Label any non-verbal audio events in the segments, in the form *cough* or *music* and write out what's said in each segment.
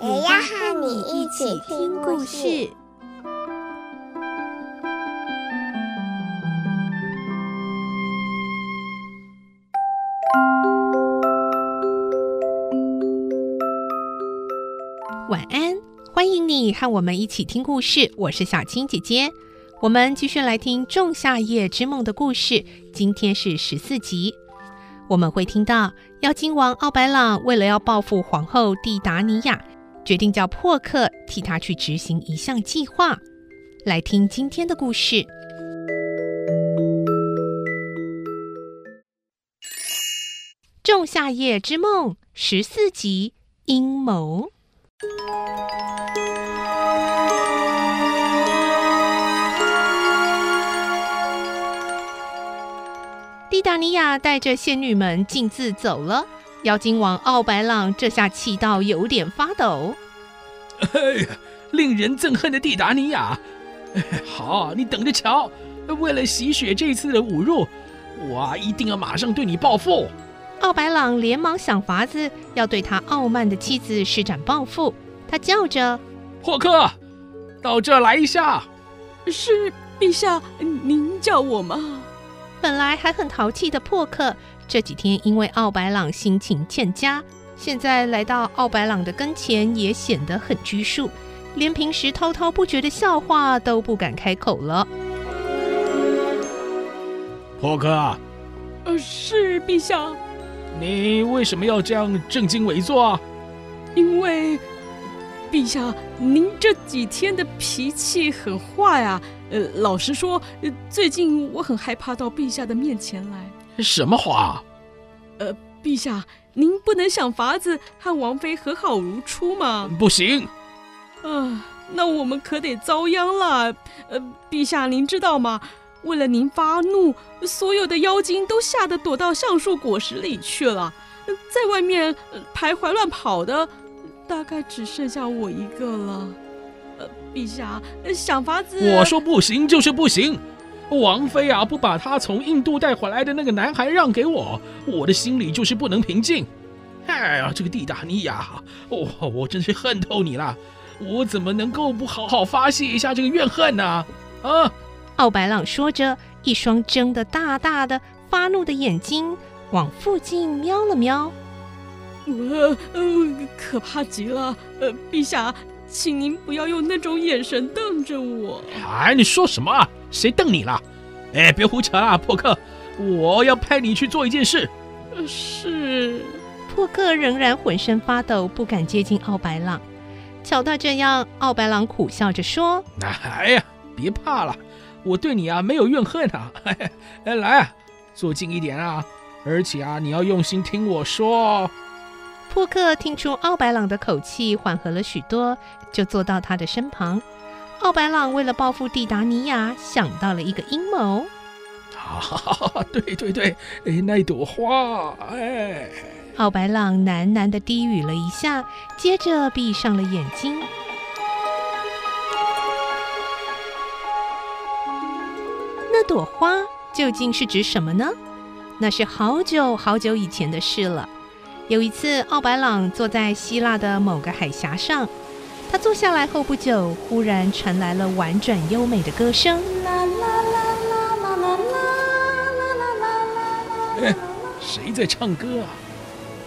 也要和你一起聽故事。故事晚安，歡迎你和我們一起聽故事。我是小青姐姐，我們繼續來聽《仲夏夜之夢》的故事。今天是十四集，我們會聽到妖精王奧白朗為了要報復皇后蒂妲妮亞，決定叫迫克替他去執行一項計劃，來聽今天的故事。《仲夏夜之夢》十四集陰謀。蒂妲妮亞帶着仙女們徑自走了。妖精王奧白朗這下氣到有點發抖。哎呀，令人憎恨的蒂妲妮亞！哎！好，你等着瞧！為了洗雪這次的侮辱，我一定要馬上對你報復！奧白朗連忙想法子要對他傲慢的妻子施展報復。他叫着：“迫克，到這來一下。”“是陛下，您叫我嗎？”本來還很淘氣的迫克。這幾天因為奧白朗心情欠佳，現在來到奧白朗的跟前也顯得很拘束，連平時滔滔不絕的笑話都不敢開口了。迫克啊。呃，是陛下。你為什麼要這樣正襟危坐啊？因為陛下，您這幾天的脾氣很壞啊，呃，老實說，呃，最近我很害怕到陛下的面前來。什麼話？呃，陛下，您不能想法子和王妃和好如初嗎？不行。啊，那我們可得遭殃了。呃，陛下，您知道嗎？為了您發怒，所有的妖精都嚇得躲到橡樹果實裡去了，在外面徘徊亂跑的，大概只剩下我一個了。呃，陛下，想法子……我說不行就是不行。王妃啊，不把他從印度帶回來的那個男孩讓給我，我的心裡就是不能平靜。哎呀，這個蒂妲妮亞，我我真是恨透你了！我怎麼能夠不好好發洩一下這個怨恨呢？啊！奧白朗說着，一雙睜得大大的、發怒的眼睛往附近瞄了瞄。呃，呃，可怕極了！呃，陛下，請您不要用那種眼神瞪着我。哎，你說什麼？誰瞪你了？哎，別胡扯啊，迫克，我要派你去做一件事。是。迫克仍然渾身發抖，不敢接近奧白朗，瞧他這樣，奧白朗苦笑着說：“哎呀，別怕了，我對你啊沒有怨恨啊。哎呀，來啊，坐近一點啊，而且啊，你要用心聽我說。”迫克聽出奧白朗的口氣緩和了許多，就坐到他的身旁。奧白朗為了報復蒂妲妮亞，想到了一個陰謀。哈、啊，對對對，誒，那朵花，誒、哎。奧白朗喃喃的低語了一下，接着閉上了眼睛。 *noise* 那朵花究竟是指什麼呢？那是好久好久以前的事了。有一次，奧白朗坐在希臘的某個海峽上。他坐下來後不久，忽然傳來了婉轉優美的歌聲。誰在唱歌啊？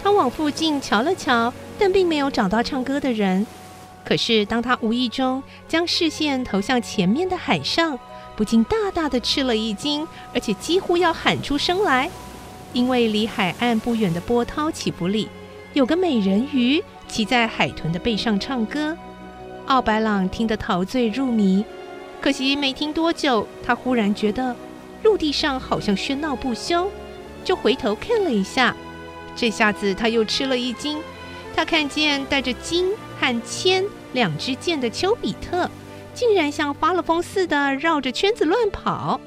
他往附近瞧了瞧，但並沒有找到唱歌的人。可是，當他無意中將視線投向前面的海上，不禁大大的吃了一驚，而且幾乎要喊出聲來，因為離海岸不遠的波濤起伏裡，有個美人魚騎在海豚的背上唱歌。奧白朗聽得陶醉入迷，可惜沒聽多久，他忽然覺得陸地上好像喧鬧不休，就回頭看了一下，這下子他又吃了一驚。他看見帶着金和鉛兩支箭的丘比特，竟然像發了瘋似的繞着圈子亂跑。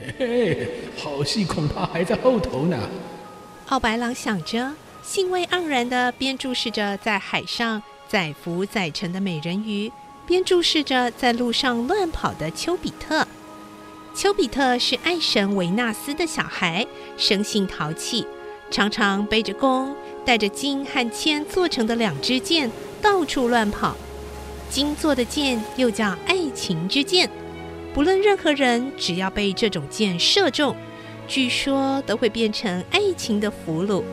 嘿嘿，好戲恐怕還在後頭呢。奧白朗想着，興味盎然地邊注視着在海上載浮載沉的美人魚邊注視着在路上亂跑的丘比特。丘比特是愛神維納斯的小孩，生性淘氣，常常背着弓，帶着金和鉛做成的兩支箭到處亂跑。金做的箭又叫愛情之箭，不論任何人只要被這種箭射中，據說都會變成愛情的俘虜。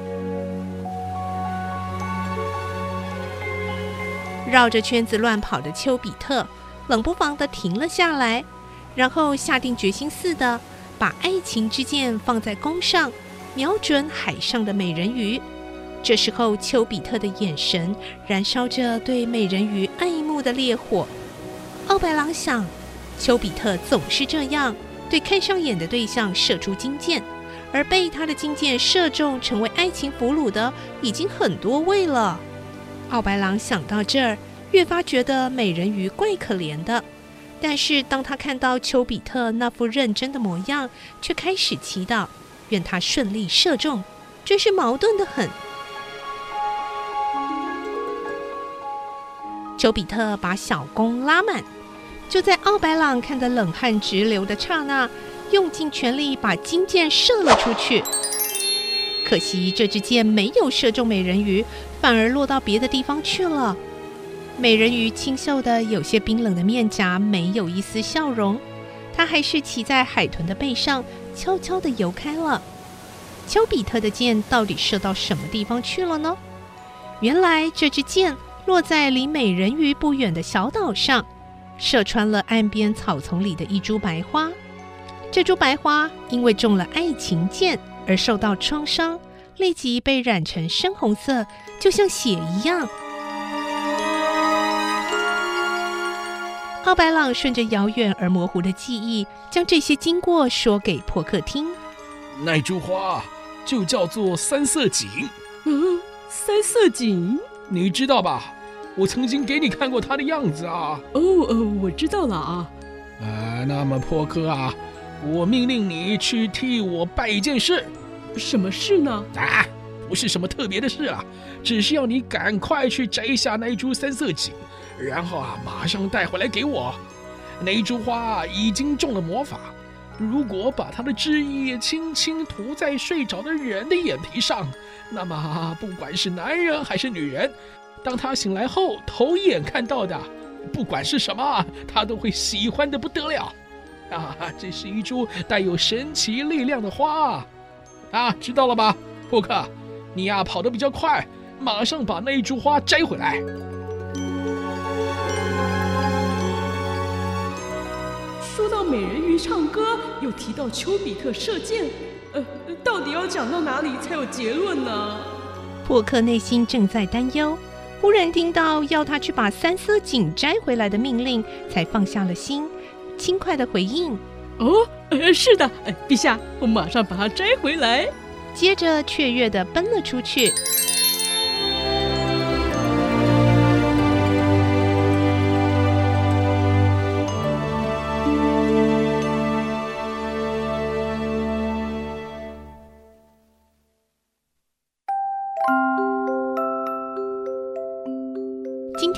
繞着圈子亂跑的丘比特，冷不防地停了下來，然後下定決心似的，把愛情之箭放在弓上，瞄準海上的美人魚。這時候，丘比特的眼神燃燒着對美人魚愛慕的烈火。奧白朗想，丘比特總是這樣，對看上眼的對象射出金箭，而被他的金箭射中成為愛情俘虜的已經很多位了。奧白朗想到這兒，越發覺得美人魚怪可憐的。但是當他看到丘比特那副認真的模樣，卻開始祈禱，願他順利射中。真是矛盾得很。丘比特把小弓拉滿，就在奧白朗看得冷汗直流的剎那，用盡全力把金箭射了出去。可惜這支箭沒有射中美人魚，反而落到別的地方去了。美人魚清秀的、有些冰冷的面頰沒有一絲笑容，她還是騎在海豚的背上，悄悄地游開了。丘比特的箭到底射到什麼地方去了呢？原來這支箭落在離美人魚不遠的小島上，射穿了岸邊草叢裡的一株白花。這株白花因為中了愛情箭。而受到創傷，立即被染成深紅色，就像血一樣。奧白朗順着遙遠而模糊的記憶，將這些經過說給迫克聽。那株花就叫做三色堇。嗯、哦，三色堇，你知道吧？我曾經給你看過它的樣子啊。哦哦，我知道了啊。啊、呃，那麼迫克啊，我命令你去替我辦一件事。什麼事呢？啊，不是什麼特別的事啊，只是要你趕快去摘下那一株三色堇，然後啊，馬上帶回來給我。那一株花已經中了魔法，如果把它的汁液輕輕塗在睡着的人的眼皮上，那麼，啊，不管是男人還是女人，當他醒來後頭一眼看到的，不管是什麼，他都會喜歡得不得了。啊，這是一株帶有神奇力量的花。啊，知道了吧，迫克，你呀、啊、跑得比較快，馬上把那一株花摘回來。說到美人魚唱歌，又提到丘比特射箭，呃，到底要講到哪裡才有結論呢？迫克內心正在擔憂，忽然聽到要他去把三色堇摘回來的命令，才放下了心，輕快的回應。哦，呃，是的，哎，陛下，我馬上把它摘回來。接着雀躍的奔了出去。